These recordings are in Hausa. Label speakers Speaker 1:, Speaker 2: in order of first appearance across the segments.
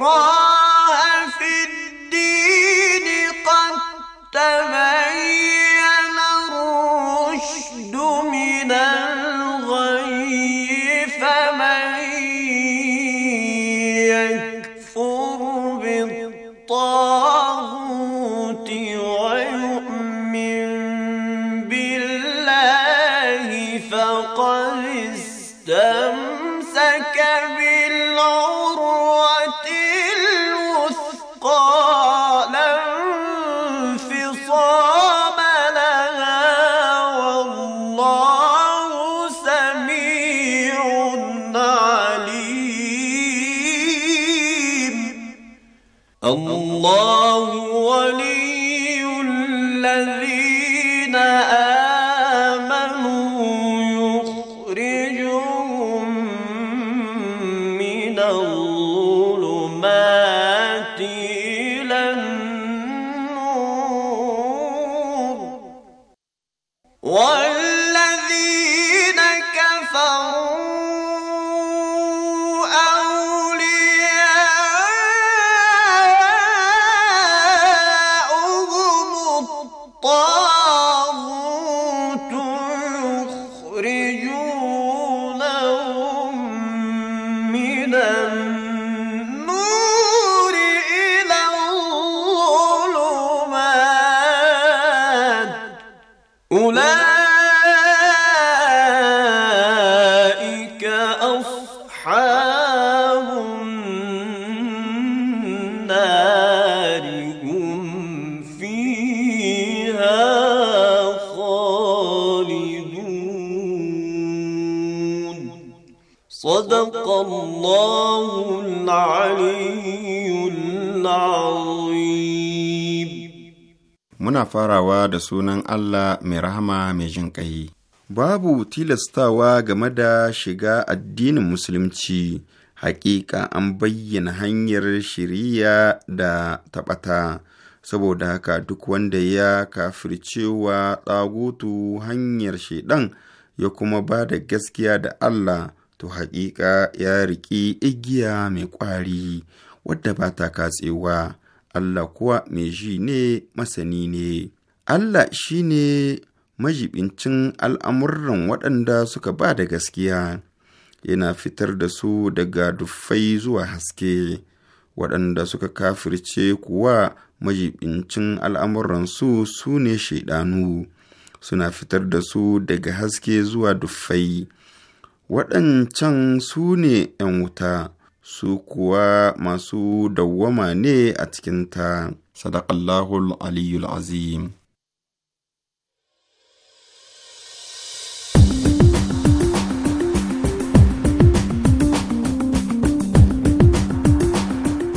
Speaker 1: أخرى خالدون صدق الله العلي العظيم
Speaker 2: muna farawa da sunan Allah mai rahama mai Babu tilastawa game da shiga addinin Musulunci, hakika an bayyana hanyar shiriya da taɓata. saboda haka duk wanda ya kafircewa tsagutu hanyar shaidan ya kuma ba da gaskiya da Allah to haƙiƙa ya riƙi igiya mai ƙwari wadda ba ta katsewa Allah kuwa mai ji ne masani ne Allah shi ne majibincin al'amuran waɗanda suka ba da gaskiya yana fitar da su daga duffai zuwa haske waɗanda suka kafirce kuwa majibincin al'amuransu su ne shaidanu suna fitar da su daga haske zuwa duffai waɗancan su ne ‘yan wuta su kuwa masu dawwama ne a cikinta sadaƙallahul Aliyu azim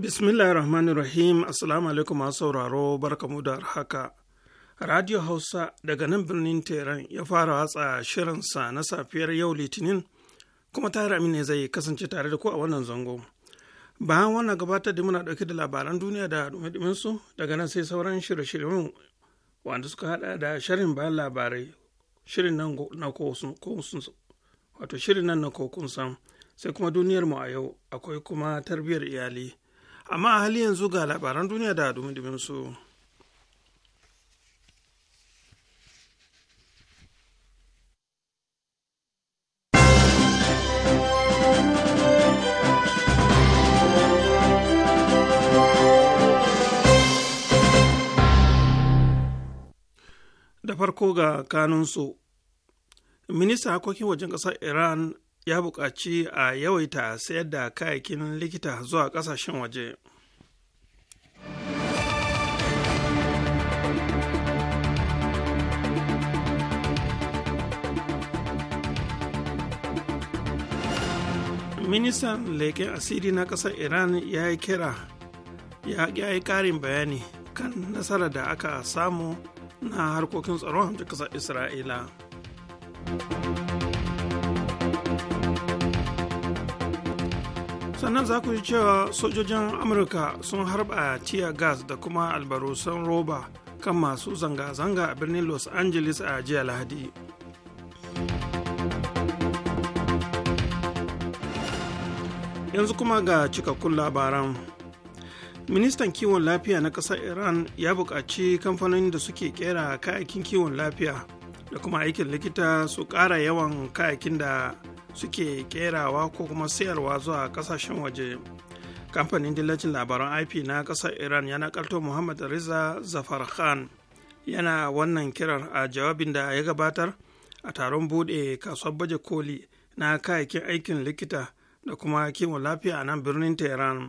Speaker 3: bismillahir rahmanir rahim assalamu alaikum masu sauraro barkamu da haka radio hausa daga nan birnin tehran ya fara watsa shirinsa na safiyar yau litinin kuma tare amin ne zai kasance tare da ku a wannan zango bayan wannan gabatar da muna dauke da labaran duniya da dumi daga nan sai sauran shirye-shiryen wanda suka hada da shirin bayan labarai shirin nan na wato na sai kuma duniyar mu a yau akwai kuma tarbiyyar iyali amma a hali yanzu ga labaran duniya da dumin su. da farko ga kanunsu ministan harkokin wajen kasar iran ya buƙaci a yawaita sayar da kayakin likita zuwa ƙasashen waje ministan leƙen asiri na ƙasar iran ya yi kira ya yi ƙarin bayani kan nasarar da aka samu na harkokin tsaron hamshin ƙasar isra'ila sannan za ku ji cewa sojojin amurka sun harba tiya gas da kuma albarusan roba kan masu zanga-zanga a birnin los angeles a jiya lahadi yanzu kuma ga cikakkun labaran ministan kiwon lafiya na ƙasar iran ya buƙaci kamfanonin da suke kera kayakin kiwon lafiya da kuma aikin likita su ƙara yawan kayakin da suke kerawa ko kuma sayarwa zuwa kasashen waje kamfanin dillacin labaran ip na kasar iran ya karto muhammad riza zafar khan yana wannan kirar a jawabin da ya gabatar a taron bude kasuwar baje koli na kayayyakin aikin likita da kuma kiwon lafiya a nan birnin tehran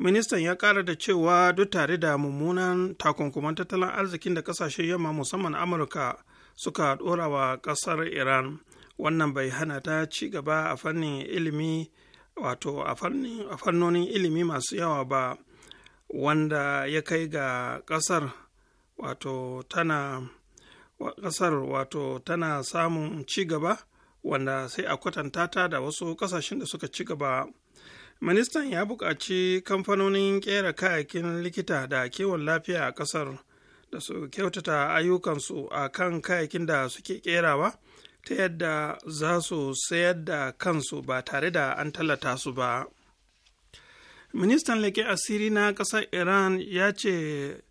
Speaker 3: ministan ya kara da cewa duk tare da mummunan takunkuman tattalin arzikin da kasashen yamma musamman amurka suka dora wa kasar iran wannan bai hana ta ci gaba a fannin ilimi wato a fannonin ilimi masu yawa ba wanda ya kai ga ƙasar wato tana ƙasar wato tana samun ci gaba wanda sai a kwatanta ta da wasu ƙasashen da suka ci gaba ministan ya buƙaci kamfanonin ƙera kayakin likita da kiwon lafiya a ƙasar da su kyautata ayyukansu a kan kayakin da suke ƙerawa ta yadda za su sayar da kansu ba tare da an tallata su ba ministan leke asiri na ƙasar iran ya ce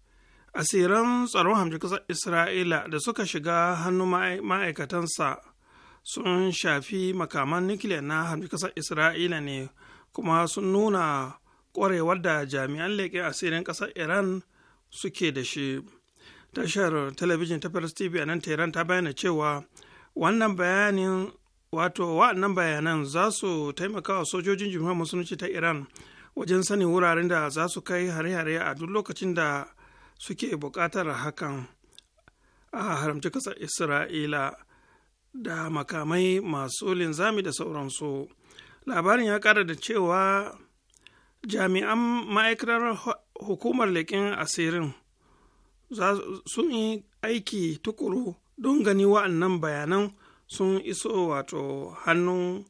Speaker 3: asiran tsaron hamji ƙasar isra'ila da suka shiga hannu ma'aikatansa sun shafi makaman nukiliya na hamji ƙasar isra'ila ne kuma sun nuna ƙwarewar da jami'an leƙe asirin ƙasar iran suke da shi tashar talabijin ta paris tv a nan tehran ta bayyana cewa wannan bayanin wato wa'annan bayanan za su taimaka wa sojojin jimhuriyar musulunci ta iran wajen sanin wuraren da za su kai hare-hare a duk lokacin da suke buƙatar hakan a haramci ƙasar isra'ila da makamai masu linzami da sauransu labarin ya ƙara da cewa jami'an ma'aikatar hukumar leƙen asirin sun yi aiki tukuru don gani wa'annan bayanan sun iso wato hannun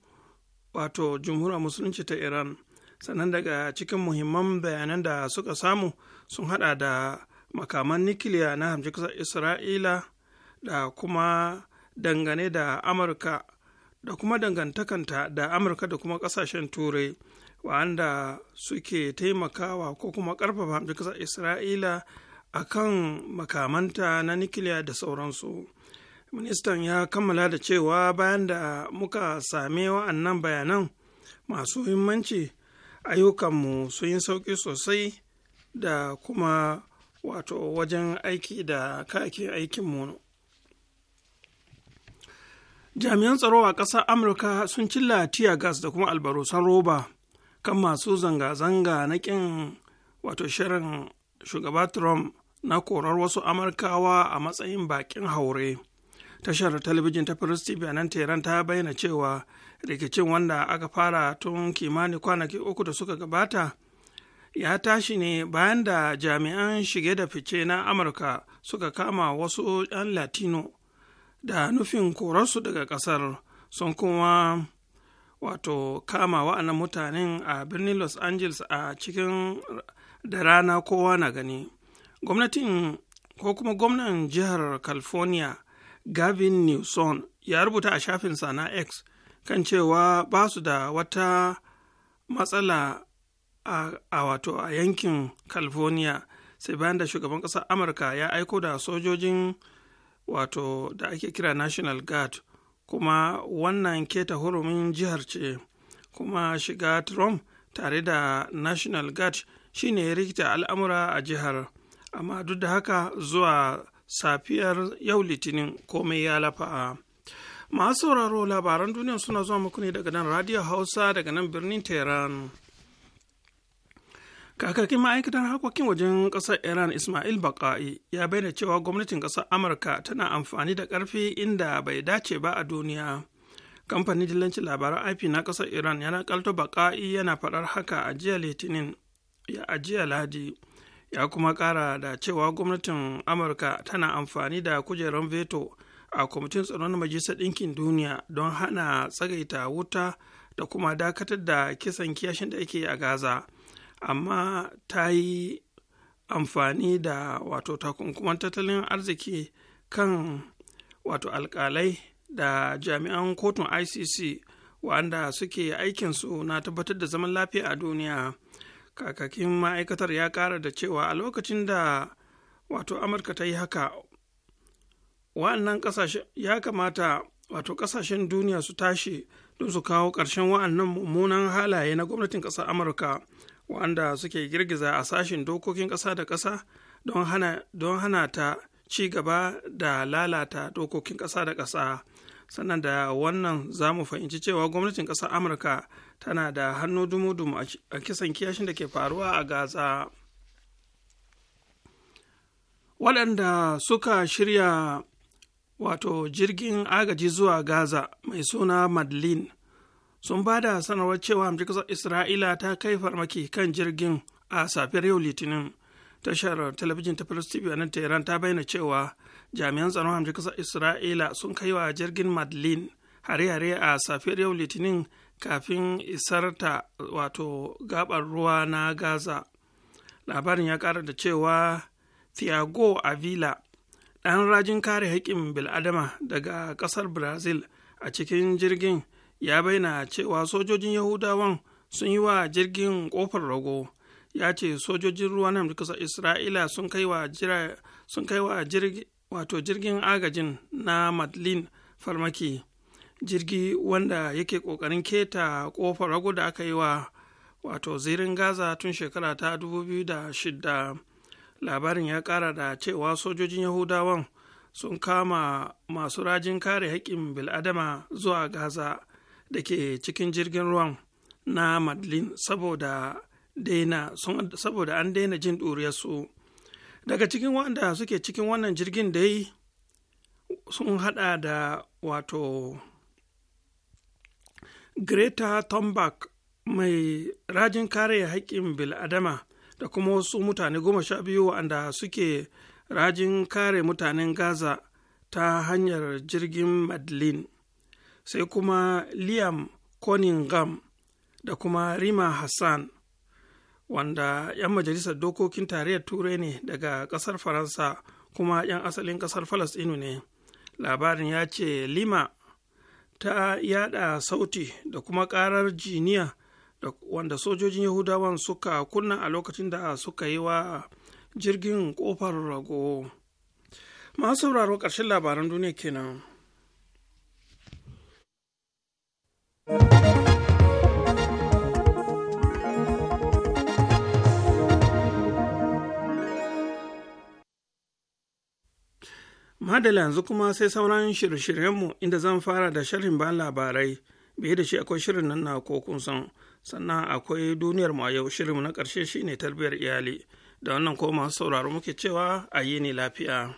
Speaker 3: wato jumhuriyar musulunci ta iran sannan daga cikin muhimman bayanan da suka samu sun hada da makaman nikiliya na hamshin kasar isra'ila da kuma dangane da amurka da kuma dangantakanta da amurka da kuma kasashen turai wa'anda suke taimakawa ko kuma karfafa hamshin kasar isra'ila a kan makamanta na nikiliya da sauransu ministan ya kammala da cewa bayan da muka same wa'annan bayanan masu muhimmanci ayyukanmu sun yi sauƙi sosai da kuma wato wajen aiki da kake aikinmu jami'an tsaro a ƙasar amurka sun cilla tiya gas da kuma albarusan roba kan masu zanga-zanga na ƙin wato shirin shugaba trump na korar wasu amurkawa a matsayin baƙin haure tashar talabijin ta first TV a nan Tehran ta bayyana cewa rikicin wanda aka fara tun kimanin kwanaki uku da suka gabata ya tashi ne bayan da jami'an shige da fice na Amurka suka kama wasu 'yan Latino da nufin korarsu daga kasar sun kuma wato kama wa'annan mutanen a birnin Los Angeles a cikin da rana kowa na gani. Gwamnatin ko kuma gwamnan jihar California gavin newson ya rubuta a shafinsa na x kan cewa ba su da wata matsala a, a wato a yankin california sai bayan da shugaban ƙasar amurka ya aiko da sojojin wato da ake kira national guard kuma wannan keta hurumin jihar ce kuma shiga trump tare da national guard shine ya rikita al'amura a jihar amma duk da haka zuwa safiyar yau litinin komai ya lafa masu sauraro labaran duniya suna zuwa muku ne daga nan radio hausa daga nan birnin tehran kakakin ma'aikatar harkokin wajen ƙasar iran ismail baka'i ya bayyana cewa gwamnatin ƙasar amurka tana amfani da ƙarfi inda bai dace ba a duniya kamfanin dillancin labaran ip na ƙasar iran yana kalto baka'i yana faɗar haka a jiya litinin ya ajiya ladi. ya kuma ƙara da cewa gwamnatin amurka tana amfani da kujerar veto a kwamitin tsaron majalisar ɗinkin duniya don hana tsagaita wuta da kuma dakatar da kisan kiyashin da ake a gaza amma ta yi amfani da wato takunkuman tattalin arziki kan wato alkalai da jami'an kotun icc wanda suke aikinsu na tabbatar da zaman lafiya a duniya kakakin ma'aikatar ya kara da cewa a lokacin da wato amurka ta yi haka wa'annan kasashen ya kamata wato kasashen duniya su tashi don su kawo ƙarshen wa'annan mummunan halaye na gwamnatin ƙasar amurka wanda suke girgiza a sashen dokokin ƙasa da ƙasa don hana, don hana ta ci gaba da lalata dokokin ƙasa da ƙasa sannan da wannan za mu fahimci cewa gwamnatin ƙasar amurka tana da hannu dumu-dumu a kisan kiyashin da ke faruwa a gaza waɗanda suka shirya wato jirgin agaji zuwa gaza mai suna madlin sun ba da sanarwar cewa amurka isra'ila ta kai farmaki kan jirgin a safiyar yau litinin tashar talabijin ta plus tv a nan tehran ta bayyana cewa jami'an tsaron hamshin kasar isra'ila sun kai wa jirgin madlin hare-hare a safiyar yau litinin kafin isarta wato gabar ruwa na gaza labarin ya ƙara da cewa thiago avila ɗan rajin kare haƙƙin bil'adama daga ƙasar brazil a cikin jirgin ya bayyana cewa sojojin yahudawan sun yi wa jirgin ƙofar rago ya ce sojojin ruwa na ƙasar isra'ila sun kai wa jirgin wato jirgin agajin na madlin farmaki jirgi wanda yake kokarin keta ƙofar rago da aka yi wa wato zirin gaza tun shekara ta 2006 labarin ya kara da cewa sojojin yahudawan sun kama masu rajin kare haƙƙin bil'adama zuwa gaza da ke cikin jirgin ruwan na madlin saboda saboda an daina jin ɗuriyarsu daga cikin wanda suke cikin wannan jirgin dai sun haɗa da wato greta thunberg mai rajin kare haƙƙin bil'adama da kuma wasu mutane goma sha biyu waɗanda suke rajin kare mutanen gaza ta hanyar jirgin madlin sai kuma liam cunningham da kuma rima hassan wanda 'yan majalisar dokokin tarayyar turai ne daga ƙasar faransa kuma 'yan asalin ƙasar falasɗinu ne labarin ya ce lima ta yada sauti da kuma karar jiniya wanda sojojin yahudawan suka kunna a lokacin da suka yi wa jirgin kofar rago masu sauraro ƙarshen labaran duniya kenan. madala yanzu kuma sai sauran shirye-shiryenmu inda zan fara da sharhin bayan labarai biye da shi akwai shirin nan na ko kun san sannan akwai duniyar mu a yau shirin mu na ƙarshe shine tarbiyar iyali da wannan ko masu sauraro muke cewa a ne lafiya.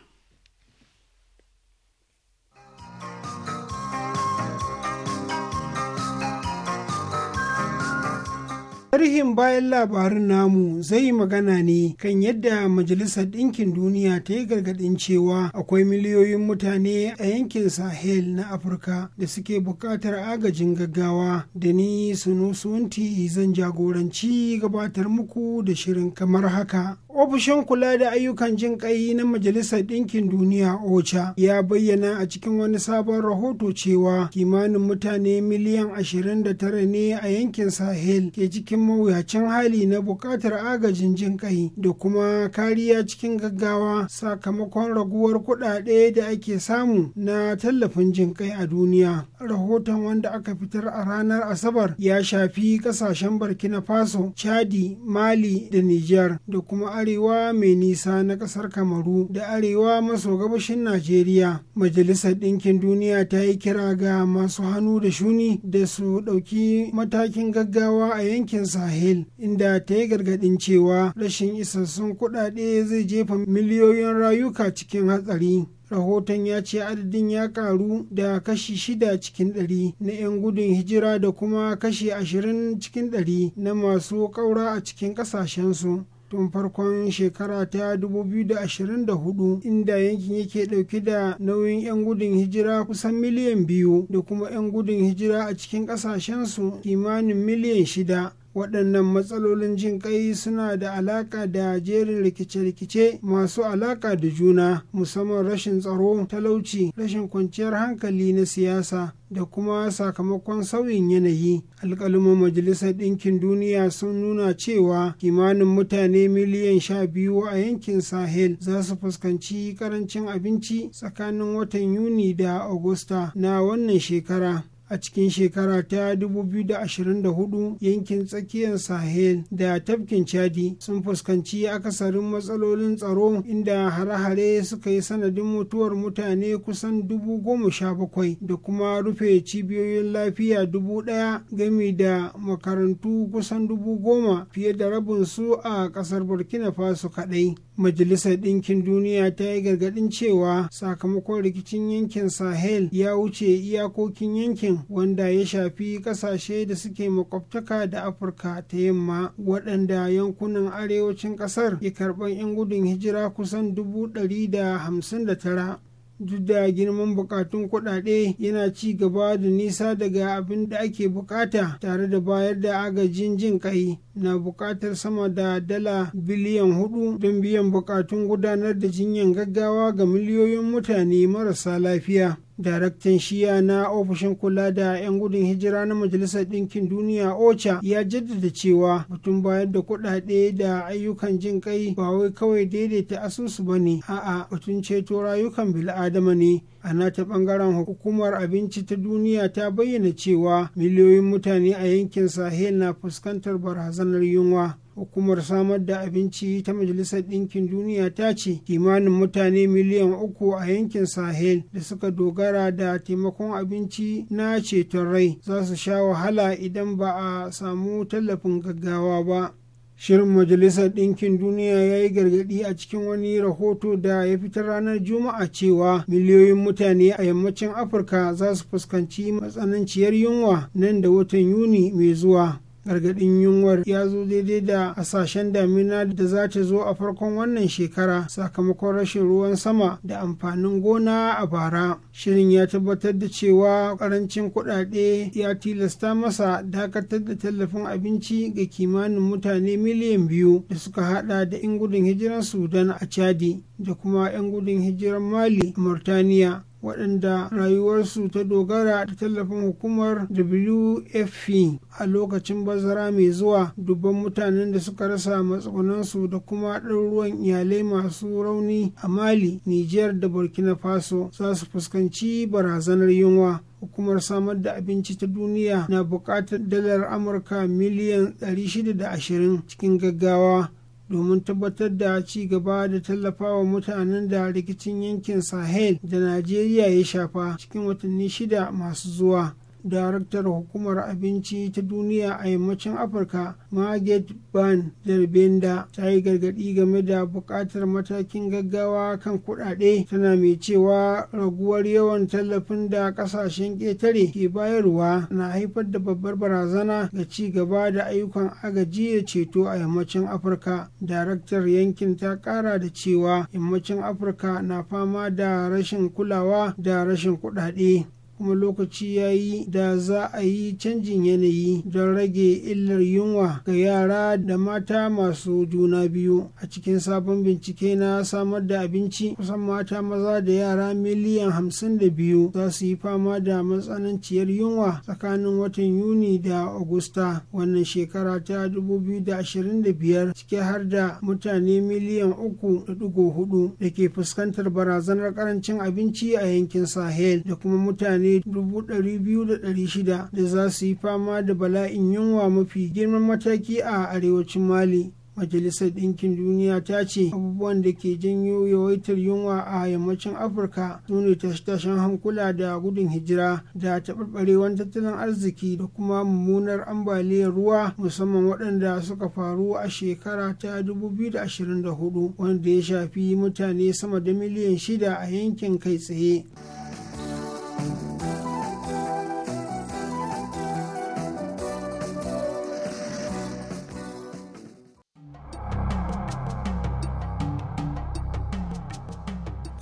Speaker 4: Tarihin bayan labarin namu zai magana ne kan yadda Majalisar Ɗinkin Duniya ta yi gargaɗin cewa akwai miliyoyin mutane a yankin Sahel na Afirka da suke buƙatar agajin gaggawa da ni sunti zan jagoranci gabatar muku da shirin kamar haka. Ofishin kula da ayyukan jin ƙai na Majalisar Ɗinkin Duniya OCHA ya bayyana a cikin wani sabon rahoto cewa kimanin mutane miliyan 29 ne a yankin Sahel ke cikin mawuyacin hali na buƙatar agajin jin kai da kuma kariya cikin gaggawa sakamakon raguwar kuɗaɗe da ake samu na tallafin jin kai a duniya rahoton wanda aka fitar a ranar asabar ya shafi ƙasashen burkina faso chadi mali da niger da kuma arewa mai nisa na kasar kamaru da arewa maso gabashin najeriya majalisar ɗinkin duniya ta yi kira ga masu hannu da shuni da su ɗauki matakin gaggawa a yankin sahel inda ta yi gargadin cewa rashin isassun kudade zai jefa miliyoyin rayuka cikin hatsari rahoton ya ce adadin ya karu da kashi shida cikin ɗari na 'yan gudun hijira da kuma kashi ashirin cikin ɗari na masu ƙaura a cikin ƙasashensu tun farkon shekara ta 2024 inda yankin yake dauki da nauyin 'yan gudun hijira kusan miliyan biyu da kuma 'yan gudun hijira a cikin kasashensu kimanin miliyan shida waɗannan matsalolin jin ƙai suna da alaƙa da jerin rikice-rikice masu alaƙa da juna musamman rashin tsaro talauci rashin kwanciyar hankali na siyasa da kuma sakamakon sauyin yanayi alƙaluman majalisar ɗinkin duniya sun nuna cewa kimanin mutane miliyan sha biyu a yankin sahel za su fuskanci karancin abinci tsakanin watan yuni da agusta na wannan shekara a cikin shekara ta 2024 yankin tsakiyar sahel da tafkin chadi sun fuskanci akasarin matsalolin tsaro inda hare-hare suka yi sanadin mutuwar mutane kusan 17,000 da kuma rufe cibiyoyin lafiya 1,000 gami da makarantu kusan 10,000, fiye da rabin su a kasar burkina faso kadai majalisar ɗinkin duniya ta yi gargaɗin cewa sakamakon rikicin yankin sahel ya wuce iyakokin yankin yankin wanda ya shafi kasashe da suke makwabtaka da afirka ta yamma waɗanda yankunan arewacin ƙasar ke karɓar 'yan gudun hijira kusan 159 duk da girman bukatun kudade yana ci gaba da nisa daga abin da ake bukata tare da bayar da agajin jin kai na bukatar sama da dala biliyan hudu don biyan bukatun gudanar da jinyan gaggawa ga miliyoyin mutane marasa lafiya daraktan shiya na ofishin kula da 'yan gudun hijira na majalisar ɗinkin duniya ocha ya jaddada cewa mutum bayar da kuɗaɗe da ayyukan jin kai ba wai kawai daidaita asusu ba ne a'a mutum ceto rayukan bil'adama ne a nata bangaren hukumar abinci ta duniya ta bayyana cewa miliyoyin mutane a yankin sahel na fuskantar barazanar yunwa hukumar samar da abinci ta majalisar ɗinkin duniya ta ce kimanin mutane miliyan uku a yankin sahel da suka dogara da taimakon abinci na ceton rai za su sha wahala idan ba a samu tallafin gaggawa ba Shirin Majalisar Ɗinkin Duniya ya yi gargaɗi a cikin wani rahoto da ya fitar ranar Juma'a cewa miliyoyin mutane a yammacin Afirka za su fuskanci matsananciyar yunwa nan da watan Yuni mai zuwa. gargadin yunwar ya zo daidai da hasashen damina da za ta zo a farkon wannan shekara sakamakon rashin ruwan sama da amfanin gona a bara shirin ya tabbatar da cewa karancin kuɗaɗe ya tilasta masa dakatar da tallafin abinci ga kimanin mutane miliyan biyu da suka hada da 'yan gudun hijiran sudan a chadi da kuma 'yan gudun hijiran mali a murtaniya waɗanda rayuwarsu ta dogara da tallafin hukumar wfp a lokacin bazara mai zuwa dubban mutanen da suka rasa matsugunansu da kuma ɗaruruwan iyalai masu rauni a mali nijar da burkina faso za su fuskanci barazanar yunwa hukumar samar da abinci ta duniya na buƙatar dalar amurka miliyan 620 cikin gaggawa domin tabbatar da ci gaba da tallafawa mutanen da rikicin yankin sahel da najeriya ya shafa cikin watanni shida masu zuwa daraktar hukumar abinci ta duniya a yammacin afirka margaret ban derbenda ta yi gargadi game da buƙatar matakin gaggawa kan kuɗaɗe tana mai cewa raguwar yawan tallafin da ƙasashen ƙetare ke bayarwa na haifar da babbar barazana ga ci gaba da ayyukan agaji da ceto a yammacin afirka daraktar yankin ta ƙara da cewa yammacin afirka na fama da rashin kulawa da rashin kuɗaɗe kuma lokaci ya yi da za a yi canjin yanayi don rage illar yunwa ga yara da mata masu juna biyu a cikin sabon bincike na samar da abinci kusan mata maza da yara miliyan hamsin da biyu za su yi fama da matsananciyar yunwa tsakanin watan yuni da agusta wannan shekara ta 2025 ciki har da mutane miliyan uku da dugo hudu da ke fuskantar barazanar karancin abinci a yankin sahel da kuma mutane 2,600 da za su yi fama da bala'in yunwa mafi girman mataki a arewacin mali majalisar ɗinkin duniya ta ce abubuwan da ke janyo yawaitar yunwa a yammacin afirka su ne tashe-tashen hankula da gudun hijira da taɓarɓarewar tattalin arziki da kuma mummunar ambaliyar ruwa musamman waɗanda suka faru a shekara ta 2024 wanda ya shafi mutane sama da miliyan shida a yankin kai tsaye.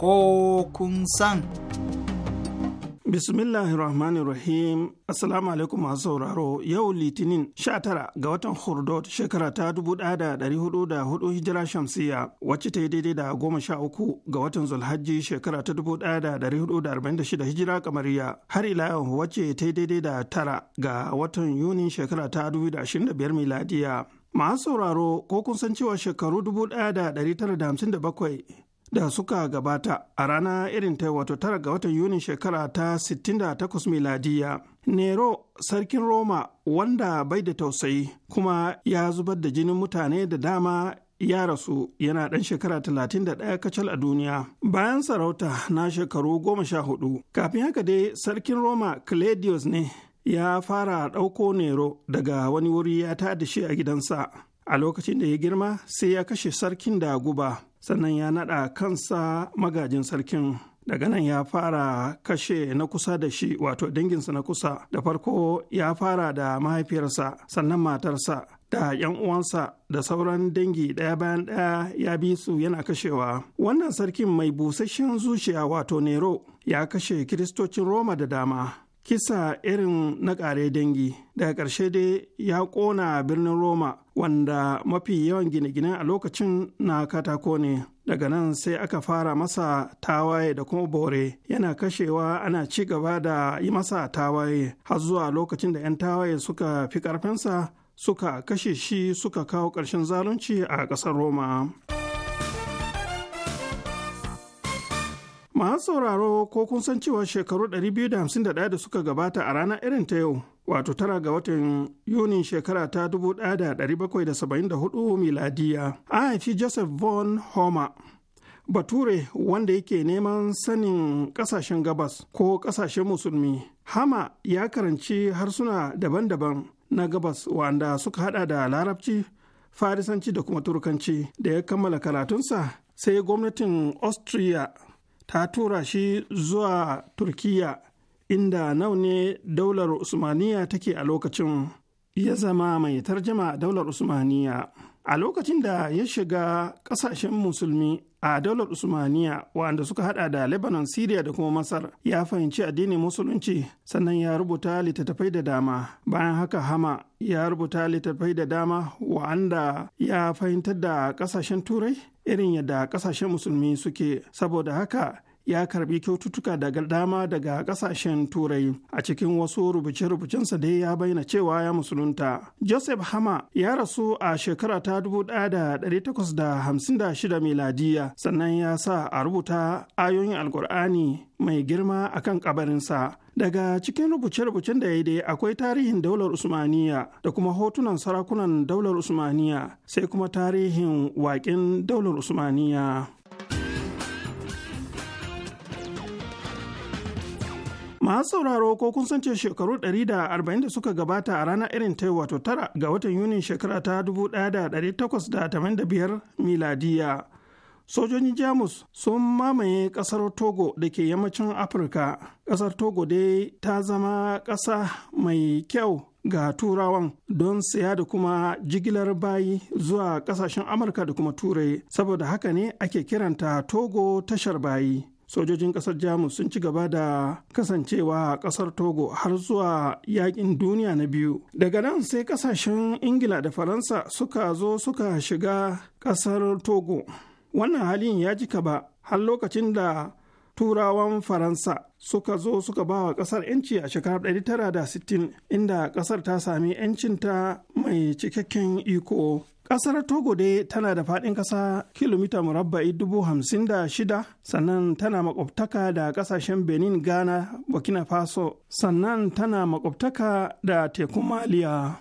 Speaker 3: ko kun san. Bismillahirrahmanirrahim. Assalamu alaikum masu sauraro yau Litinin 19 ga watan Hurdot shekara ta 1404 hijira shamsiya wacce ta yi daidai da 13 ga watan Zulhajji shekara ta 1446 hijira kamariya har ila yau wacce ta yi daidai da tara ga watan Yunin shekara ta 2025 miladiya. Masu sauraro ko kun san cewa shekaru 1957 da suka gabata a rana irin ta wato tara ga watan yunin shekara ta 68 miladiya. Nero sarkin Roma wanda bai da tausayi kuma ya zubar da jinin mutane da dama ya rasu yana ɗan shekara 31 kacal a duniya bayan sarauta na shekaru 14 kafin haka dai sarkin Roma Claudius ne ya fara ɗauko Nero daga wani wuri ya tada shi a gidansa a lokacin da ya girma sai ya kashe sarkin da guba. sannan ya naɗa kansa magajin sarkin daga nan ya fara kashe na kusa da shi wato danginsa na kusa da farko ya fara da mahaifiyarsa sannan matarsa da 'yan uwansa da sauran dangi ɗaya bayan ɗaya ya bi su yana kashewa wannan sarkin mai busasshen zuciya wato nero ya kashe kiristocin roma da dama kisa irin na ƙare dangi daga ƙarshe dai ya ƙona birnin roma wanda mafi yawan gine-ginen a lokacin na katako ne daga nan sai aka fara masa tawaye da kuma bore yana kashewa ana ci gaba da yi masa tawaye har zuwa lokacin da 'yan tawaye suka fi ƙarfinsa suka kashe shi suka kawo ƙarshen zalunci a ƙasar roma. Masu sauraro ko kun san cewa shekaru 251 da suka gabata a ranar irin ta yau, wato tara ga watan Yunin shekara ta 1774 miladiya, a haifi Joseph von Homer. Bature wanda yake neman sanin kasashen gabas ko kasashen musulmi, Hama ya karanci harsuna daban-daban na gabas wanda suka hada da larabci, farisanci da kuma turkanci da ya kammala karatunsa sai gwamnatin Austria ta tura shi zuwa turkiya inda nau ne daular usmaniya take a lokacin ya zama mai tarjama daular usmaniya a lokacin da ya shiga kasashen musulmi a daular usmaniya wanda suka hada da lebanon syria da kuma masar ya fahimci addinin musulunci sannan ya rubuta littattafai da dama bayan haka hama ya rubuta littattafai da dama wa'anda ya fahimtar da kasashen turai irin yadda kasashen musulmi suke saboda haka ya karbi kyaututtuka daga dama daga kasashen turai a cikin wasu rubuce-rubucensa dai ya bayyana cewa ya musulunta joseph hama ya rasu a shekara ta 1856 miladiya sannan ya sa a rubuta ayoyin alkur'ani mai girma akan kabarinsa daga cikin rubuce-rubucen da ya dai akwai tarihin daular usmaniya da kuma hotunan sarakunan daular usmaniya sai kuma tarihin waƙin daular usmaniya Masu sauraro ko kun san ce shekaru 140 da suka gabata a ranar irin ta wato tara ga watan Yunin shekara ta 1885 miladiya. Sojojin Jamus sun mamaye kasar Togo da ke yammacin Afirka. Kasar Togo dai ta zama ƙasa mai kyau ga turawan don saya da kuma jigilar bayi zuwa kasashen amurka da kuma turai saboda haka ne ake kiranta togo tashar bayi sojojin kasar jamus sun ci gaba da kasancewa a kasar togo har zuwa yakin duniya na biyu daga nan sai kasashen ingila da faransa suka zo suka shiga kasar togo wannan halin ya jika ba har lokacin da turawan faransa suka zo suka ba wa kasar yanci a shekarar 1960 inda kasar ta sami yancinta mai cikakken iko kasar Togo dai tana da faɗin ƙasa kilomita murabba'i dubu hamsin da shida, sannan tana makwabtaka da ƙasashen Benin, Ghana, Burkina Faso, sannan tana makwabtaka da tekun Maliya.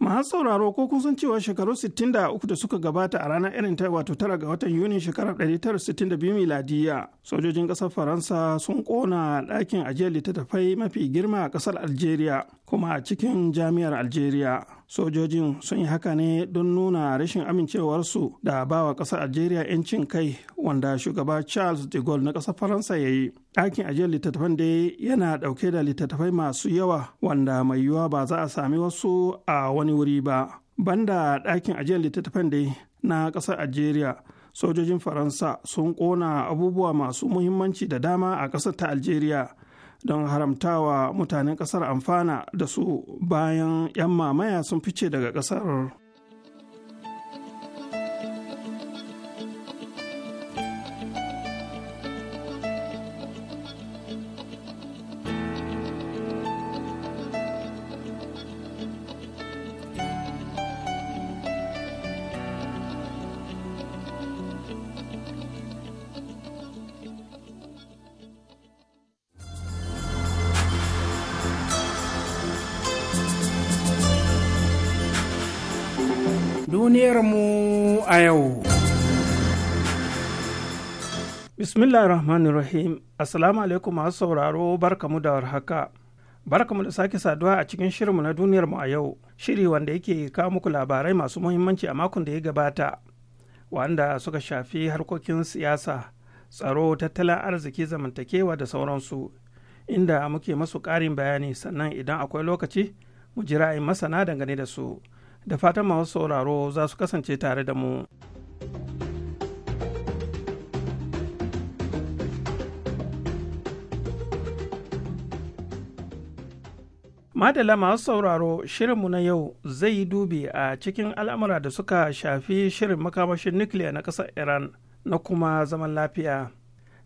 Speaker 3: masu sauraro ko kun san cewa shekaru 63 da suka gabata a ranar irin ta wato tara ga watan yuni shekarar 1962 miladiya sojojin kasar faransa sun kona ɗakin ajiyar littattafai mafi girma a kasar algeria kuma a cikin jami'ar algeria sojojin sun yi haka ne don nuna rashin amincewarsu da bawa ƙasar algeria 'yancin kai wanda shugaba charles de gaulle na ƙasar faransa ya yi ɗakin ajiyar littattafan da yana ɗauke da littattafai masu yawa wanda mai yiwuwa ba za a sami wasu a wani wuri ba banda ɗakin ajiyar littattafan da na ƙasar algeria sojojin faransa sun ƙona abubuwa masu muhimmanci da dama a ƙasar ta algeria don haramtawa mutanen ƙasar amfana da su bayan 'yan mamaya sun fice daga ƙasar. a yau. Bismillahirrahmanirrahim. Assalamu alaikum masu sauraro barkamu da warhaka. Barkamu da sake saduwa a cikin shirinmu na duniyar mu a yau. Shiri wanda yake kawo muku labarai masu muhimmanci a makon da ya gabata. Wanda suka shafi harkokin siyasa, tsaro, tattalin arziki, zamantakewa da sauransu. Inda muke masu ƙarin bayani sannan idan akwai lokaci, mu ji ra'ayin masana dangane da su. da fatan masu sauraro za su kasance tare da mu. Madala masu sauraro shirinmu na yau zai yi dubi a cikin al'amura da suka shafi shirin makamashin nukiliya na ƙasar Iran na kuma zaman lafiya,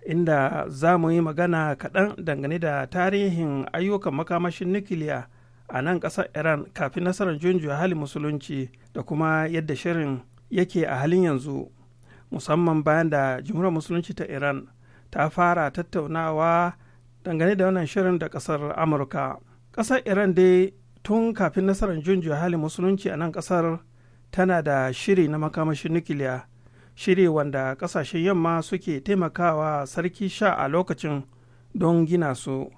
Speaker 3: inda za mu yi magana kaɗan dangane da tarihin ayyukan makamashin nukiliya a nan ƙasar iran kafin nasarar junjuya hali musulunci da kuma yadda shirin yake a halin yanzu musamman bayan da jimurar musulunci ta iran ta fara tattaunawa dangane da wannan shirin da ƙasar amurka ƙasar iran dai tun kafin nasarar junjuya hali musulunci a nan ƙasar tana da shiri na makamashin nukiliya shiri wanda ƙasashen yamma suke taimakawa sarki sha a lokacin don gina su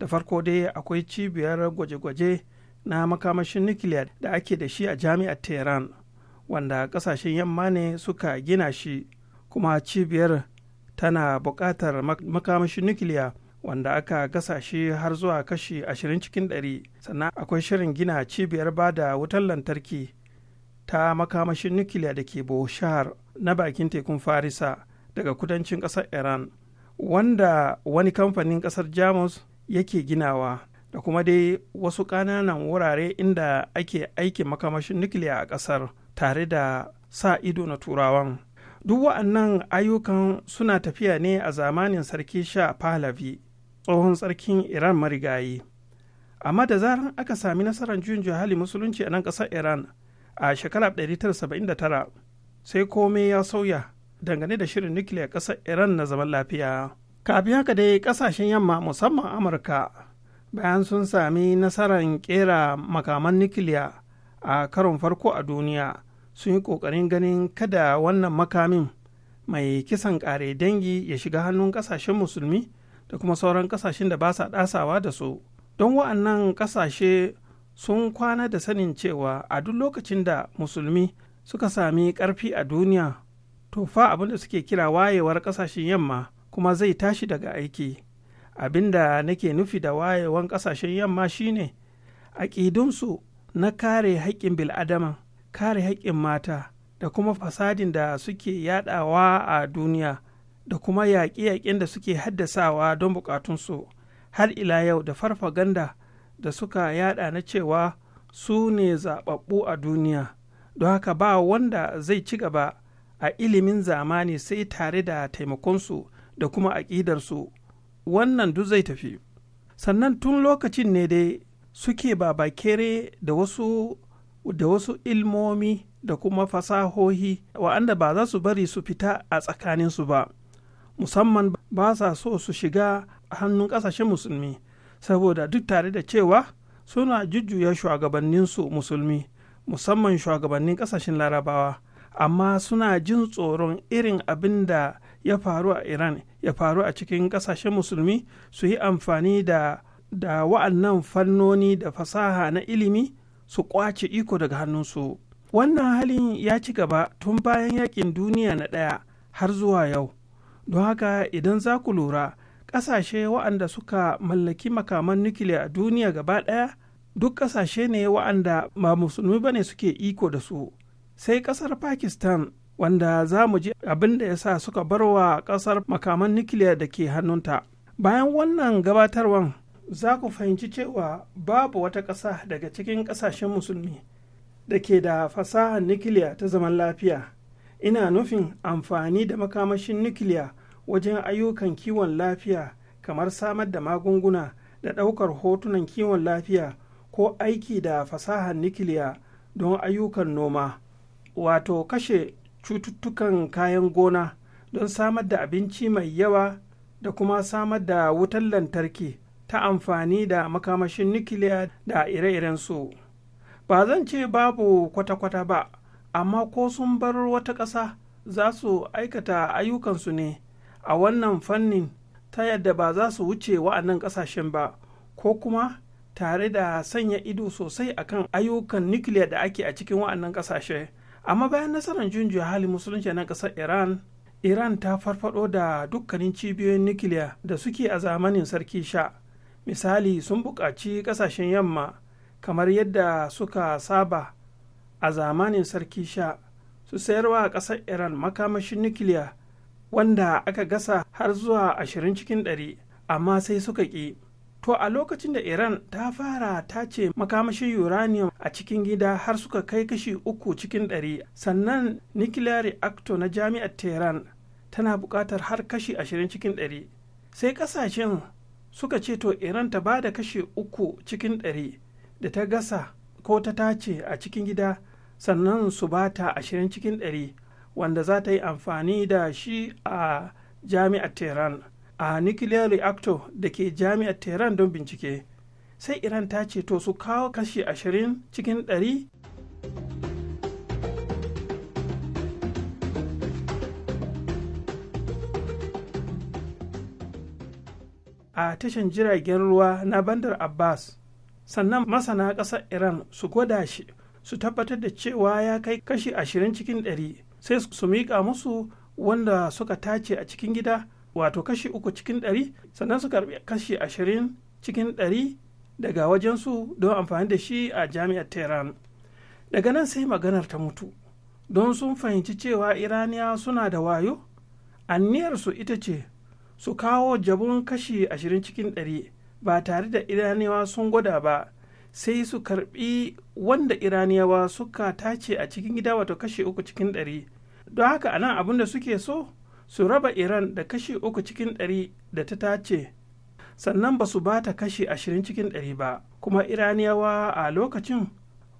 Speaker 3: da farko dai akwai cibiyar gwaje-gwaje na makamashin nukiliya da ake da shi a jami'ar tehran wanda kasashen yamma ne suka gina shi kuma cibiyar tana buƙatar makamashin nukiliya wanda aka gasa shi har zuwa kashi 20 cikin 100 sannan akwai shirin gina cibiyar bada wutar lantarki ta makamashin nukiliya da ke boshar na bakin tekun farisa daga kudancin ƙasar iran wanda wani kamfanin ƙasar jamus yake ginawa da kuma dai wasu ƙananan wurare inda ake aikin makamashin nukiliya a ƙasar tare da sa ido na turawan duk wa'annan ayyukan suna tafiya ne a zamanin sarki sha pahlavi tsohon sarkin iran marigayi amma da zaran aka sami nasarar juyin juhali musulunci a nan ƙasar iran a shekarar 1979 sai komai ya sauya dangane da shirin nukiliya ƙasar iran na zaman lafiya kafin haka dai kasashen yamma musamman amurka bayan sun sami nasarar kera makaman nukiliya a karon farko a duniya sun yi ƙoƙarin ganin kada wannan makamin mai kisan ƙare dangi ya shiga hannun ƙasashen musulmi da kuma sauran ƙasashen da ba sa ɗasawa da su don wa'annan ƙasashe sun kwana da sanin cewa a duk lokacin da musulmi suka sami ƙarfi a duniya to fa abin da suke kira wayewar ƙasashen yamma kuma zai tashi daga aiki abinda nake nufi da wayewan ƙasashen yamma shine aƙidunsu na kare haƙƙin bil'adama kare haƙƙin mata da kuma fasadin da suke yadawa a duniya da kuma yaƙi-yaƙin da suke haddasawa don buƙatunsu har ila yau da farfaganda da suka yada na cewa su ne zaɓaɓɓu a duniya don haka ba wanda zai ci gaba a ilimin zamani sai tare da taimakonsu da kuma aƙidarsu wannan duk zai tafi sannan tun lokacin ne dai suke babakere da wasu da wasu ilmomi da kuma fasahohi wa'anda ba za su bari su fita a tsakaninsu ba musamman ba sa so su shiga a hannun ƙasashen musulmi saboda duk tare da cewa suna jujjuya shugabanninsu musulmi musamman shugabannin ƙasashen larabawa amma suna jin tsoron irin abin da ya faru a iran ya faru a cikin kasashen musulmi su yi amfani da da wa'annan fannoni da fasaha na ilimi su kwace iko daga hannunsu wannan halin ya ci gaba tun bayan yakin duniya na ɗaya har zuwa yau don haka idan za ku lura ƙasashe wa'anda suka mallaki makaman nukiliya a duniya gaba ɗaya duk ƙasashe ne wa'anda ba musulmi ba ne suke iko da su sai ƙasar pakistan wanda za mu ji abin da ya sa suka bar wa ƙasar makaman nukiliya da ke hannunta bayan wannan gabatarwan za ku fahimci cewa babu wata ƙasa daga cikin ƙasashen musulmi da ke da fasahar nukiliya ta zaman lafiya ina nufin amfani da makamashin nukiliya wajen ayyukan kiwon lafiya kamar samar da magunguna da ɗaukar hotunan kiwon lafiya ko aiki da fasahar nukiliya don ayyukan noma wato kashe cututtukan kayan gona don samar da abinci mai yawa da kuma samar da wutar lantarki ta amfani da makamashin nukiliya da ire iren su ba zan ce babu kwata-kwata ba amma ko sun bar wata ƙasa za su aikata ayyukansu ne a wannan fannin ta yadda ba za su wuce wa'annan ƙasashen ba ko kuma tare da sanya ido sosai akan ayyukan nukiliya da ake a cikin wa'annan ƙasashe amma bayan nasarar junjiya hali musulunci na ƙasar iran iran ta farfado da dukkanin cibiyoyin nukiliya da suke a zamanin sarki sha misali sun buƙaci ƙasashen yamma kamar yadda suka saba a zamanin sarki sha su sayarwa a ƙasar iran makamashin nukiliya wanda aka gasa har zuwa ashirin cikin ɗari amma sai suka ƙi to a lokacin da iran ta fara ta ce makamashin uranium a cikin gida har suka kai kashi uku cikin ɗari sannan nuclear reactor na jami'ar tehran tana buƙatar har kashi ashirin cikin ɗari sai ƙasashen suka ce to iran ta ba da kashi uku cikin ɗari da ta gasa ko ta tace a cikin gida sannan su ba ta ashirin cikin ɗari wanda za ta yi amfani da shi a jami'ar tehran a nuclear reactor da ke jami'ar tehran don bincike sai iran ta ce to su kawo kashi 20 cikin 100 a tashan jiragen ruwa na bandar abbas sannan masana ƙasar iran su gwada shi su tabbatar da cewa ya kai kashi 20 cikin 100 sai su miƙa musu wanda suka tace a cikin gida wato kashi uku cikin ɗari sannan su karbi kashi ashirin cikin ɗari daga wajensu don amfani da shi a jami'ar tehran daga nan sai maganar ta mutu don sun fahimci cewa iraniya suna da wayo su ita ce su kawo jabun kashi ashirin cikin ɗari ba tare da iraniyawa sun gwada ba sai su karbi wanda iraniyawa suka tace a cikin gida wato kashi uku cikin ɗari don haka anan abin da suke so su raba iran da kashi uku cikin ɗari da ta tace sannan ba su ba ta kashi ashirin cikin ɗari ba kuma iraniyawa a lokacin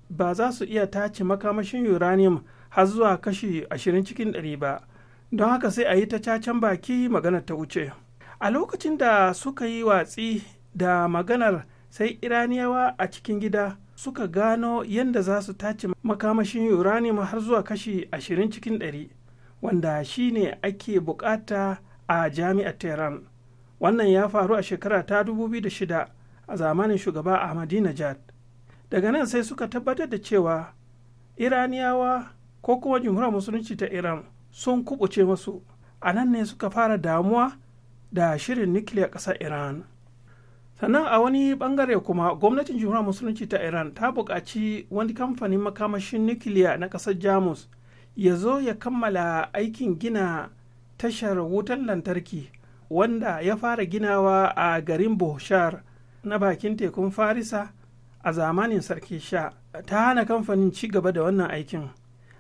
Speaker 3: ba za su iya tace makamashin uranium har zuwa kashi ashirin cikin ɗari ba don haka sai a yi ta cacen baki maganar ta wuce a lokacin da suka yi watsi da maganar sai iraniyawa a cikin gida suka gano yadda za su tace makamashin uranium har zuwa kashi ashirin cikin ɗari wanda shi ne ake bukata a jami'ar tehran wannan ya faru a shekara ta 2006 a zamanin shugaba ahmadinejad daga nan sai suka tabbatar da cewa iraniyawa ko kuma jimhuriyar musulunci ta iran sun kubuce masu a nan ne suka fara damuwa da shirin nukiliya ƙasar iran sannan a wani bangare kuma gwamnatin jimhuriyar musulunci ta iran ta buƙaci wani kamfanin makamashin nukiliya na ƙasar jamus ya zo ya kammala aikin gina tashar wutan lantarki wanda ya fara ginawa a garin bohshar na bakin tekun farisa a zamanin sarki sha ta hana kamfanin ci gaba da wannan aikin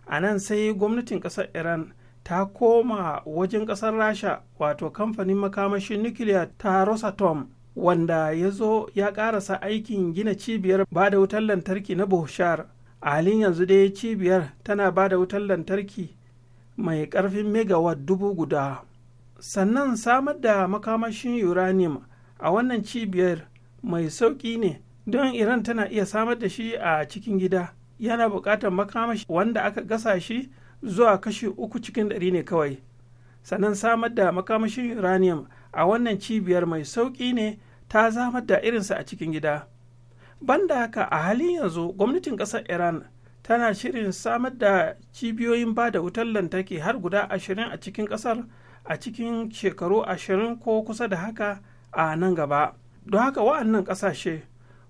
Speaker 3: a nan sai gwamnatin ƙasar iran ta koma wajen ƙasar rasha wato kamfanin makamashin nukiliya ta rosatom wanda ya zo ya ƙarasa aikin gina cibiyar ba da wutar lantarki na bohshar a halin yanzu dai cibiyar tana ba da wutar lantarki mai ƙarfin megawatt dubu guda sannan samar da makamashin uranium a wannan cibiyar mai sauƙi ne don iran tana iya samar da shi a cikin gida yana buƙatar makamashi wanda aka gasa shi zuwa kashi uku cikin ɗari ne kawai sannan samar da makamashin uranium a wannan cibiyar mai sauƙi ne ta zamar da irinsa a cikin gida banda haka a halin yanzu gwamnatin ƙasar iran tana shirin samar da cibiyoyin ba da wutar lantarki har guda ashirin a cikin ƙasar a cikin shekaru ashirin ko kusa da haka a nan gaba don haka wa'annan ƙasashe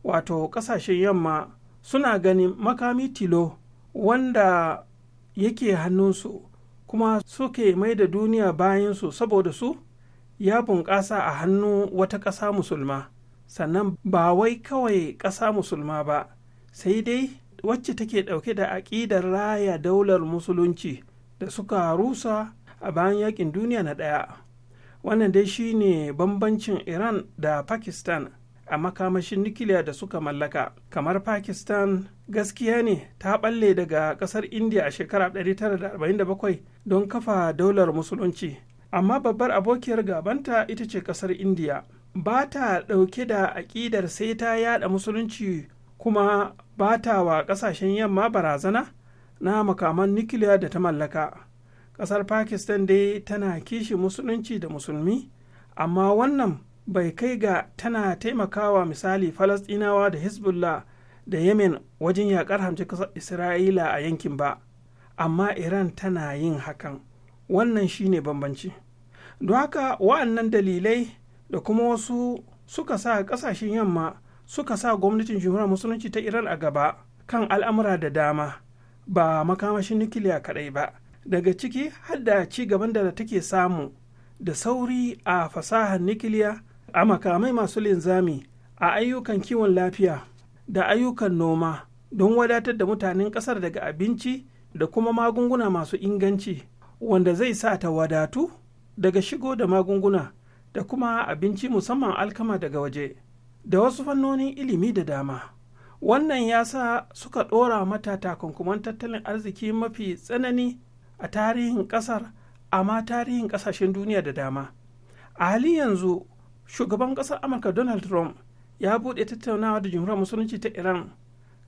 Speaker 3: wato ƙasashen yamma suna ganin makami tilo wanda yake hannunsu kuma suke mai da duniya bayansu saboda su ya bunƙasa a hannu wata ƙasa musulma sannan ba wai kawai ƙasa musulma ba sai dai wacce take ɗauke da aƙidar raya daular musulunci da suka rusa a bayan yakin duniya na ɗaya wannan dai shine bambancin iran da pakistan a makamashin nukiliya da suka mallaka kamar pakistan gaskiya ne ta balle daga ƙasar india a shekara 1947 don kafa daular musulunci amma babbar abokiyar gabanta ita ce ƙasar india ba ta ɗauke da aƙidar sai ta yada musulunci kuma ba ta wa ƙasashen yamma barazana na makaman nukiliya da ta mallaka ƙasar pakistan dai tana kishi musulunci da musulmi amma wannan bai kai ga tana taimakawa misali falasɗinawa da hezbollah da yemen wajen yaƙar hamci ƙasar isra'ila a yankin ba amma iran tana yin hakan wannan shine bambanci don haka wa'annan dalilai da kuma wasu suka sa kasashen yamma suka sa gwamnatin jumhuriyar musulunci ta iran a gaba kan al'amura da dama ba makamashin nukiliya kadai ba daga ciki har da ci gaban da take samu da sauri a fasahar nukiliya a makamai masu linzami a ayyukan kiwon lafiya da ayyukan noma don wadatar da mutanen kasar daga abinci da kuma magunguna masu inganci wanda zai sa ta wadatu daga shigo da magunguna da kuma abinci musamman alkama daga waje da wasu fannonin ilimi da dama wannan ya sa suka ɗora mata takunkuman tattalin arziki mafi tsanani a tarihin ƙasar amma tarihin ƙasashen duniya da dama a hali yanzu shugaban ƙasar amurka donald trump ya buɗe tattaunawa da jimhuriyar musulunci ta iran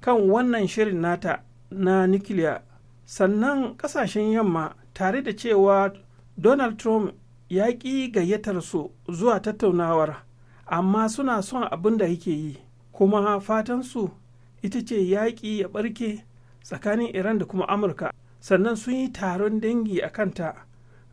Speaker 3: kan wannan shirin nata na nukiliya sannan ƙasashen yamma tare da cewa donald trump ya ƙi gayyatar su zuwa tattaunawar amma suna son abin da yake yi kuma fatansu ita ce yaƙi ya ɓarke tsakanin iran da kuma amurka sannan sun yi taron dangi a kanta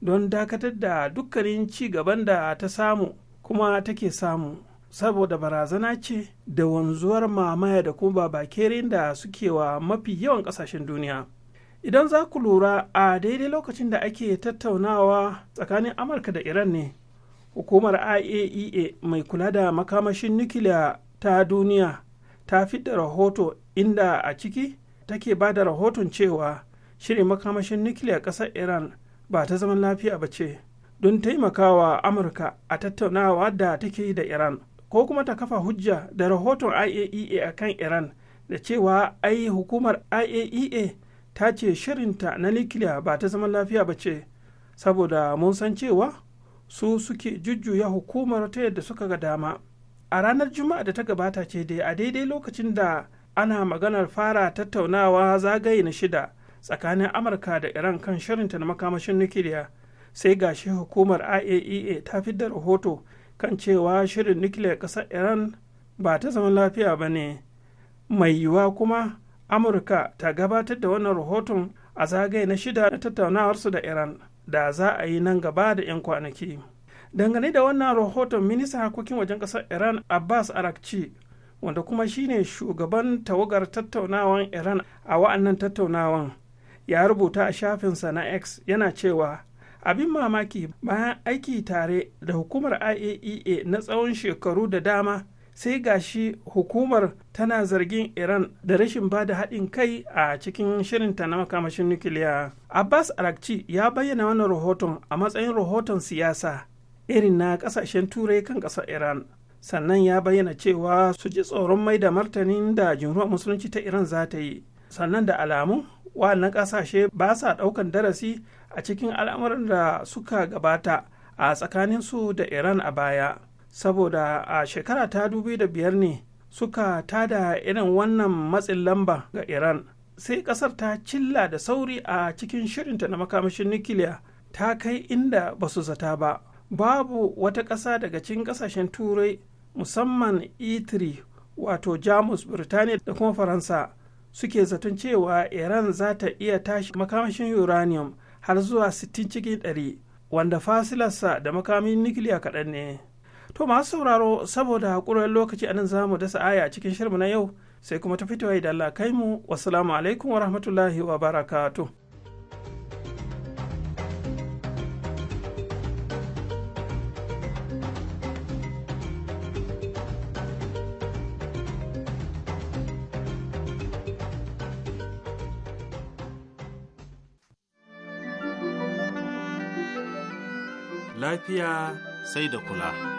Speaker 3: don dakatar da dukkanin ci gaban da ta samu kuma take samu saboda barazana ce da wanzuwar mamaya da kuma babakerin da suke wa mafi yawan ƙasashen duniya idan za ku lura a daidai lokacin da ake tattaunawa tsakanin amurka da iran ne hukumar iaea e mai kula da makamashin nukiliya ta duniya ta fidda rahoto inda a ciki take ba da rahoton cewa shirin makamashin nukiliya ƙasar iran ba ta zaman lafiya ba ce don taimakawa amurka a tattaunawa da take da iran ko kuma ta kafa hujja da rahoton iaea akan iran da cewa ai hukumar iaea e ta ce shirinta na nukiliya ba ta zaman lafiya ba ce saboda mun san cewa su suke jujjuya hukumar ta yadda suka ga dama a ranar juma'a da ta gabata ce dai a daidai lokacin da ana maganar fara tattaunawa zagaye na shida tsakanin amurka da iran kan shirinta na makamashin nukiliya sai gashi hukumar iaea e ta fi da rahoto kan cewa shirin nukiliyar ƙasar iran ba ta zaman lafiya ba ne mai yiwuwa kuma amurka ta gabatar da wannan rahoton a zagaye na shida na tattaunawarsu da iran da za a yi nan gaba da 'yan kwanaki dangane da wannan rahoton ministan harkokin wajen ƙasar iran abbas arakci wanda kuma shine shugaban tawagar tattaunawan iran a wa'annan tattaunawan ya rubuta a shafinsa na x yana cewa abin mamaki bayan aiki tare da hukumar iaea e na tsawon shekaru da dama sai gashi hukumar tana zargin iran da rashin ba da haɗin kai a cikin shirinta na makamashin nukiliya abbas arakci ya bayyana wannan rahoton a matsayin rahoton siyasa irin na ƙasashen turai kan ƙasar iran sannan ya bayyana cewa su ji tsoron mai da martanin da jumhuriyar musulunci ta iran za ta yi sannan da alamu wannan ƙasashe ba sa ɗaukan darasi a cikin al'amuran da suka gabata a tsakaninsu da iran a baya saboda a shekara ta da biyar ne suka tada irin wannan matsin lamba ga iran sai kasar ta cilla da sauri a cikin shirinta na makamashin nukiliya ta kai inda ba su zata ba babu wata ƙasa daga cikin ƙasashen turai musamman itri e wato jamus birtaniya da kuma faransa suke zaton cewa iran za ta iya tashi makamashin uranium har zuwa 60 cikin 100 wanda fasilarsa da makamin nukiliya kaɗan ne to masu sauraro saboda ƙurar lokaci anan za mu dasa aya a cikin shirmu na yau sai kuma ta fitowa idan Allah kai mu wasalamu alaikum wa rahmatullahi wa barakatuh
Speaker 5: lafiya
Speaker 3: sai da kula.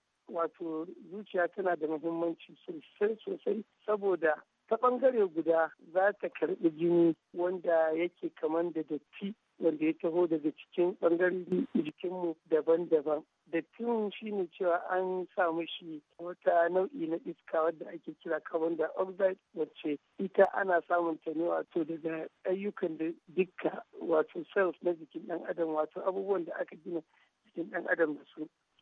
Speaker 6: wato zuciya tana da muhimmanci sosai sosai saboda ta bangare guda za ta karbi jini wanda yake kaman da datti wanda ya taho daga cikin bangaren jikinmu daban-daban dattin shi ne cewa an samu shi wata nau'i na iska wadda ake kira carbon dioxide wacce ita ana samun ta ne wato daga ayyukan da dukka wato cells na jikin dan adam wato abubuwan da aka gina jikin dan adam da su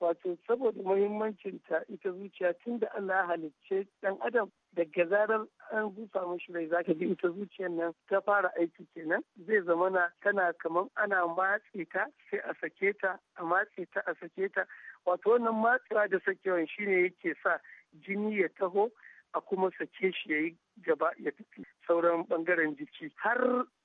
Speaker 6: wato saboda muhimmancin ta ita zuciya tun da Allah ya halicce dan adam daga zarar an busa mishi rai zaka ji ita zuciyar nan ta fara aiki kenan zai zama na tana kamar ana matse ta sai a sake ta a matse ta a sake ta wato wannan matsewa da sakewan shine yake sa jini ya taho a kuma sake shi yayi gaba ya tafi sauran bangaren jiki har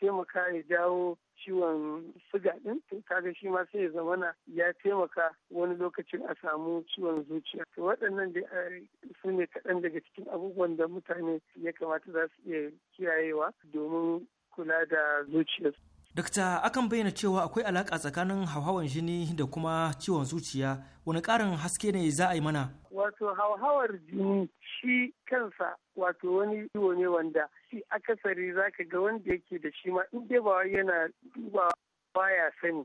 Speaker 6: taimaka ya jawo ciwon suga din to kaga shi ma sai ya zamana ya taimaka wani lokacin a samu ciwon zuciya to waɗannan da eh, su ne kaɗan daga cikin abubuwan da mutane ya kamata za su iya kiyayewa domin kula da zuciyarsu
Speaker 5: Dakta akan bayyana cewa akwai alaƙa tsakanin hauhawar jini da kuma ciwon zuciya wani ƙarin haske ne za a yi mana.
Speaker 6: Wato hauhawar jini shi kansa wato wani iwo ne wanda shi akasari zaka ga wanda yake da shi ma in dai ba yana duba baya sani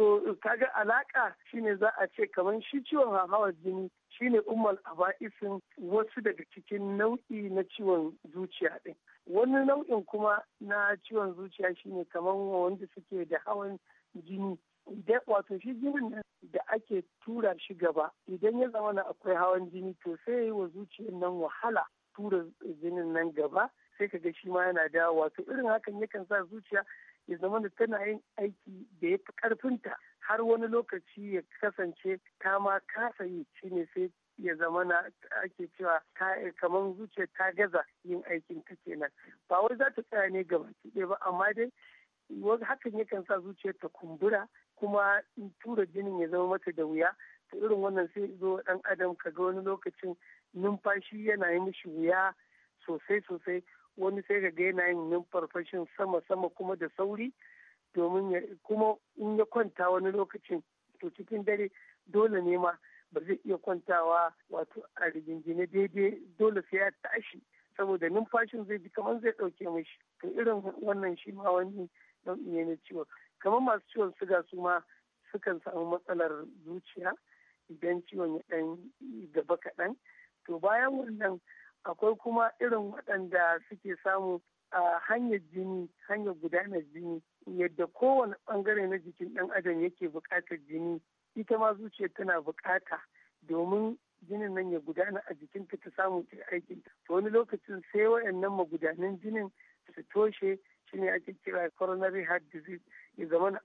Speaker 6: to kaga alaka shine za a ce kamar shi ciwon hawan jini shine umar aba'isin wasu daga cikin nau'i na ciwon zuciya din wani nau'in kuma na ciwon zuciya shine kamar wanda suke da hawan jini idan wato shi jinin nan da ake tura shi gaba idan ya zama na akwai hawan jini to sai ya yi wa zuciyar nan wahala tura jinin nan gaba sai ka ga shi ma yana dawo wato irin hakan yakan sa zuciya ya zama da tana yin aiki da ya fi karfinta har wani lokaci ya kasance ta ma kasa yi shine sai ya zama na ake cewa kamar zuciya ta gaza yin aikin ta kenan ba wai za ta tsaya ne gaba ɗaya ba amma dai wani hakan yakan sa zuciya ta kumbura kuma in tura jinin ya zama mata da wuya ta irin wannan sai zo dan adam kaga wani lokacin numfashi yana yi mishi wuya sosai sosai wani sai ka ga yana yin numfarfashin sama-sama kuma da sauri domin kuma in ya kwanta wani lokacin to cikin dare dole ne ma ba zai iya kwantawa wato a rigingine daidai dole sai ya tashi saboda numfashin zai bi kamar zai ɗauke mishi to irin wannan shi ma wani nau'i ne na ciwon kamar masu ciwon suga su ma sukan samu matsalar zuciya idan ciwon ya dan gaba kaɗan to bayan wannan akwai kuma irin waɗanda suke samu a hanyar jini hanyar gudanar jini yadda kowane ɓangare na jikin ɗan adam yake buƙatar jini ita ma zuciya tana buƙata domin jinin nan ya gudana a jikin ta samu ta aikin to wani lokacin sai waɗannan magudanan jinin su toshe shine ake kira coronary heart disease ya zama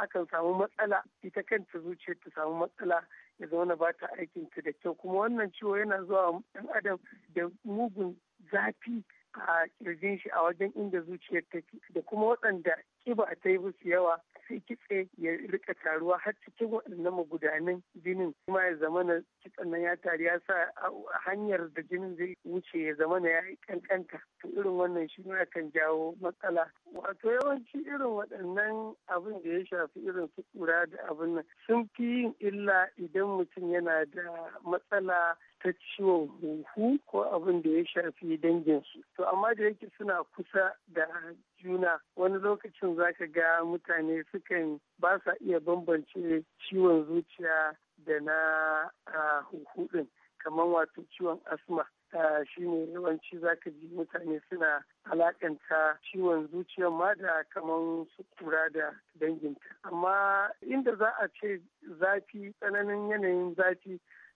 Speaker 6: akan samu matsala ita kanta zuciyar ta samu matsala ya zama na bata aikin ta da kyau kuma wannan ciwo yana zuwa ɗan adam da mugun zafi a kirjin shi a wajen inda zuciyar take da kuma waɗanda kiba ta yi yawa sai kitse ya rika taruwa har cikin waɗannan magudanan jinin kuma ya zamana kitsen nan ya taru. ya sa hanyar da jinin zai wuce ya zamana ya yi kankanta to irin wannan shi ne kan jawo matsala wato yawanci irin waɗannan abin da ya shafi irin su kura da abin nan sun fi yin illa idan mutum yana da matsala ta ciwon huhu ko abin da ya shafi danginsu. To amma da yake suna kusa da juna wani lokacin zaka ga mutane sukan ba sa iya bambance ciwon zuciya da na huhu ɗin kamar wato ciwon asma. shi ne yawanci zaka ji mutane suna alakanta ciwon zuciya ma da kamar su kura da danginta amma inda za a ce zafi tsananin yanayin zafi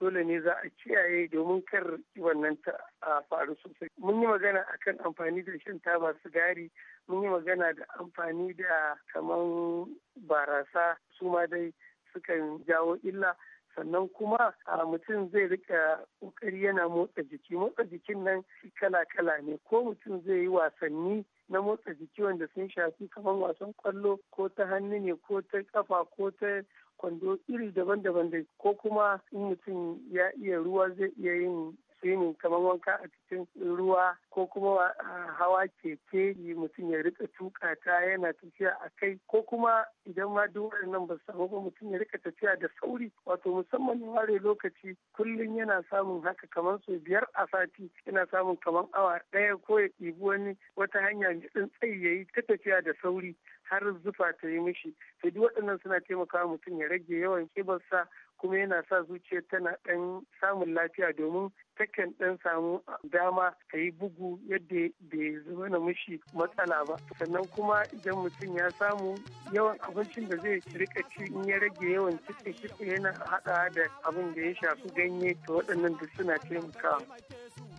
Speaker 6: dole ne za a kiyaye domin kar wannan ta faru sosai mun yi magana akan amfani da shan taba sigari mun yi magana da amfani da kaman barasa su ma dai sukan jawo illa sannan kuma a mutum zai rika kokari yana motsa jiki motsa jikin nan kala kala ne ko mutum zai yi wasanni na motsa jiki wanda sun shafi kamar wasan kwallo ko ta hannu ne ko ta kafa ko ta kwando iri daban-daban da ko kuma in mutum ya iya ruwa zai iya yin swimming kamar wanka a cikin ruwa ko kuma hawa keke mutum ya rika tuka ta yana tafiya a kai ko kuma idan ma duk waɗannan ba samu ba mutum ya rika tafiya da sauri wato musamman ware lokaci kullum yana samun haka kamar sau biyar a sati yana samun kamar awa ɗaya ko ya ɗibi wani wata hanya mai tsayi ya yi ta tafiya da sauri har zufa ta yi mishi sai duk waɗannan suna taimakawa mutum ya rage yawan kibarsa kuma yana sa zuciya tana ɗan samun lafiya domin takan ɗan samu ah, dama ka yi bugu yadda bai zama na mushi matsala ba sannan kuma idan mutum ya samu yawan abincin da zai rika ci in ya rage yawan kitse kitse yana haɗa da abin da ya shafi ganye ta waɗannan duk suna taimakawa.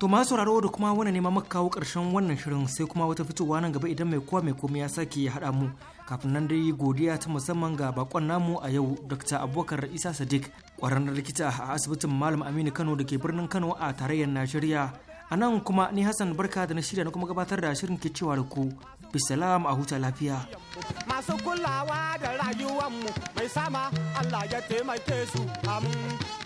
Speaker 5: To ma sauraro da kuma wani neman maka kawo ƙarshen wannan shirin sai kuma wata fitowa nan gaba idan mai kowa mai komai ya sake ya haɗa mu kafin nan dai godiya ta musamman ga bakon namu a yau Dr. Abubakar Isa Sadiq ƙwararren likita a asibitin malam aminu kano da ke birnin kano a tarayyar najeriya a nan kuma ni hassan barka da na shirya na kuma gabatar da shirin ke cewa da ku bisalam a huta lafiya
Speaker 1: masu kulawa da rayuwanmu mai sama allah ya taimake su amin